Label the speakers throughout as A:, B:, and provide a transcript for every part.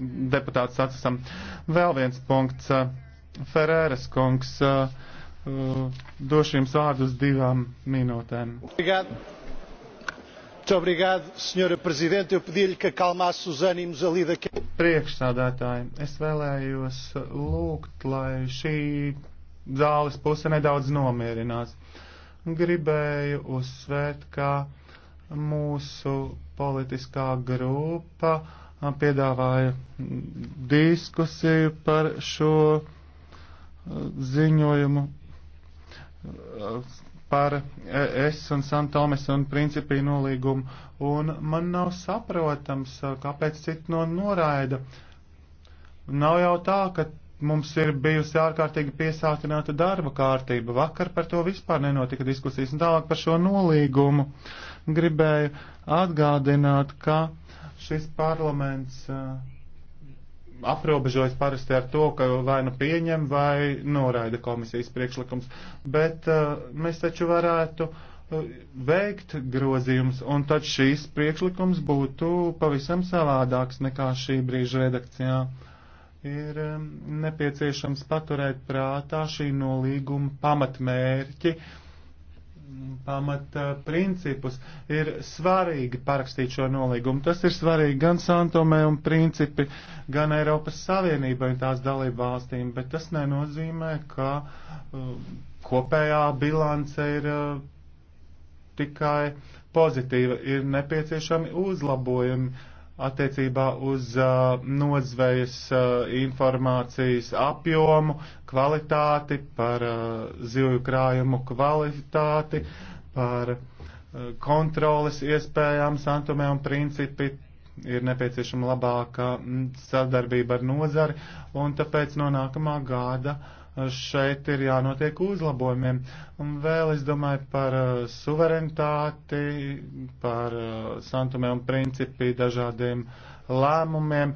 A: deputātu statusam. Vēl viens punkts. Ferēras kungs, eh, došu jums vārdu uz divām minūtēm. Obrigado. Muito obrigado, Sra. Presidente. Eu pedi-lhe que acalmasse os ânimos ali daquele. Priekšsādātāji, es vēlējos lūgt, lai šī zāles puse nedaudz nomierinās. Gribēju uzsvērt, ka mūsu politiskā grupa piedāvāja diskusiju par šo ziņojumu par es un Santomes un principī nolīgumu, un man nav saprotams, kāpēc citi no noraida. Nav jau tā, ka mums ir bijusi ārkārtīgi piesātināta darba kārtība. Vakar par to vispār nenotika diskusijas, un tālāk par šo nolīgumu gribēju atgādināt, ka uh, Šis parlaments eh, aprobežojas parasti ar to, ka vai nu pieņem, vai noraida komisijas priekšlikums, bet eh, mēs taču varētu eh, veikt grozījums, un tad šīs priekšlikums būtu pavisam savādāks nekā šī brīža redakcijā. Ir nepieciešams paturēt prātā šī nolīguma pamatmērķi, pamat principus. Ir svarīgi parakstīt šo nolīgumu. Tas ir svarīgi gan Santomē un principi, gan Eiropas Savienībai un tās dalību valstīm, bet tas nenozīmē, ka uh, kopējā bilance ir uh, tikai pozitīva. Ir nepieciešami uzlabojumi attiecībā uz uh, nozvejas uh, informācijas apjomu, kvalitāti, par uh, zivju krājumu kvalitāti, par uh, kontroles iespējām, santumē un principi. Ir nepieciešama labāka mm, sadarbība ar nozari, un tāpēc no nākamā gada uh, šeit ir jānotiek uzlabojumiem. Un vēl es domāju par uh, suverenitāti, par uh, santumiem un principi dažādiem lēmumiem.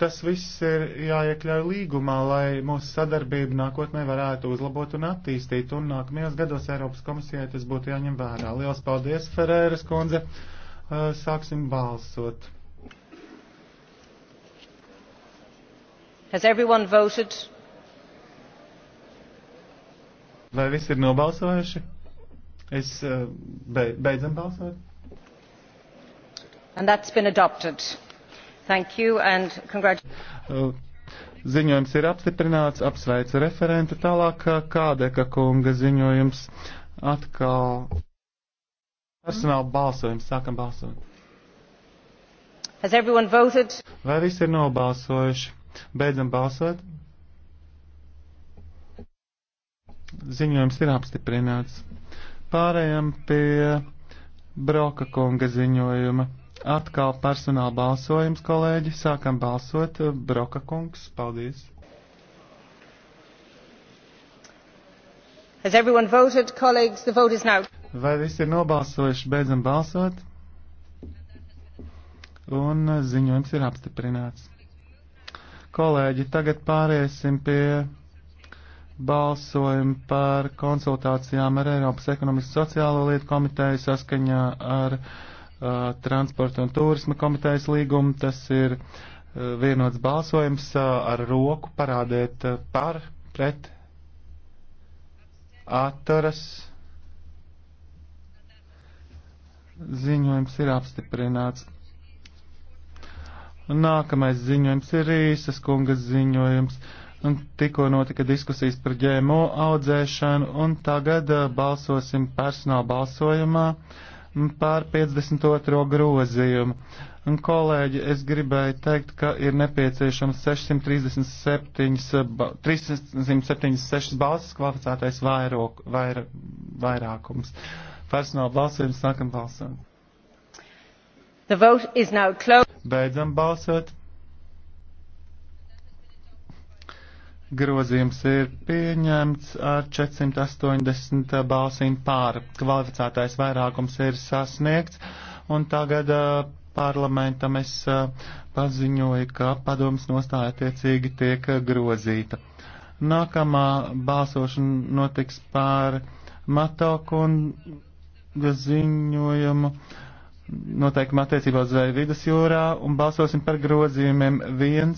A: Tas viss ir jāiekļauj līgumā, lai mūsu sadarbību nākotnē varētu uzlabot un attīstīt. Un nākamajos gados Eiropas komisijai tas būtu jāņem vērā. Lielas paldies, Ferēras kundze. Uh, sāksim balsot. Has everyone voted? Vai viss ir nobalsojuši? Es eh, beidzam balsot. And that's been adopted. Thank you and congratulations. Eh, ziņojums ir apstiprināts, apsveicu referentu tālāk eh, Kādeka kunga ziņojums atkal. Personāla balsojums, sākam balsot. Has everyone voted? Vai visi ir nobalsojuši? Beidzam balsot. ziņojums ir apstiprināts. Pārējām pie Broka kunga ziņojuma. Atkal personāla balsojums, kolēģi. Sākam balsot. Broka kungs, paldies. Has everyone voted, colleagues? The vote is now. Vai visi ir nobalsojuši? Beidzam balsot. Un ziņojums ir apstiprināts. Kolēģi, tagad pāriesim pie balsojumu par konsultācijām ar Eiropas ekonomikas sociālo lietu komiteju saskaņā ar uh, transporta un turisma komitejas līgumu. Tas ir uh, vienots balsojums uh, ar roku parādēt uh, par, pret, atturas. Ziņojums ir apstiprināts. Nākamais ziņojums ir īsas kungas ziņojums. Uh, Un tikko notika diskusijas par ģēmo audzēšanu, un tagad uh, balsosim personāla balsojumā mm, pār 52. grozījumu. Un, kolēģi, es gribēju teikt, ka ir nepieciešams 637, 376 uh, balsis kvalificētais vairok, vair, vairākums. Personāla balsojums sākam balsot. Beidzam balsot. grozījums ir pieņemts ar 480 balsīm pār. Kvalificētais vairākums ir sasniegts, un tagad uh, parlamentam es uh, paziņoju, ka padomas nostāja attiecīgi tiek grozīta. Nākamā balsošana notiks pār Matokunga ziņojumu noteikuma attiecībā uz zveju eh, vidusjūrā un balsosim par grozījumiem 1,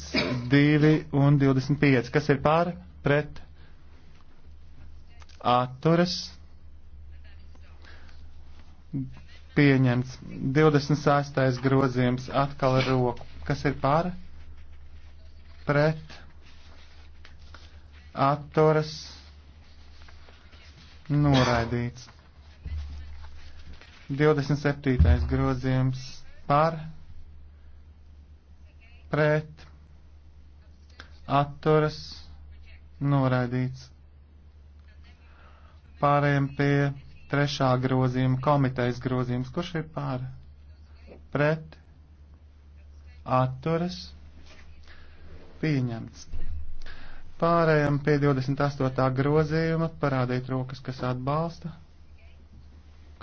A: 2 un 25. Kas ir pār, pret, atturas, pieņemts. 26. grozījums atkal ar roku. Kas ir pār, pret, atturas, noraidīts. 27. grozījums par, pret, atturas, noraidīts. Pārējiem pie trešā grozījuma, komitejas grozījums, kurš ir pār, pret, atturas, pieņemts. Pārējiem pie 28. grozījuma, parādīt rokas, kas atbalsta,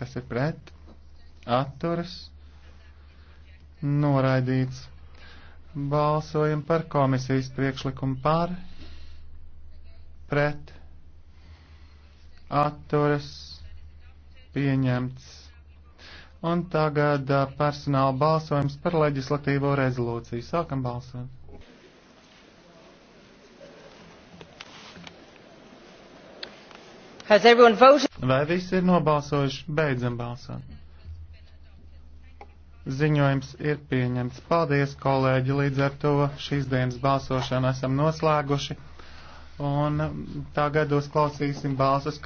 A: kas ir pret atturas, noraidīts. Balsojam par komisijas priekšlikumu par, pret, atturas, pieņemts. Un tagad personāla balsojums par leģislatīvo rezolūciju. Sākam balsot. Vai visi ir nobalsojuši? Beidzam balsot. Ziņojums ir pieņemts. Paldies, kolēģi! Līdz ar to šīs dienas balsošanu esam noslēguši. Un tagad uzklausīsim balsas.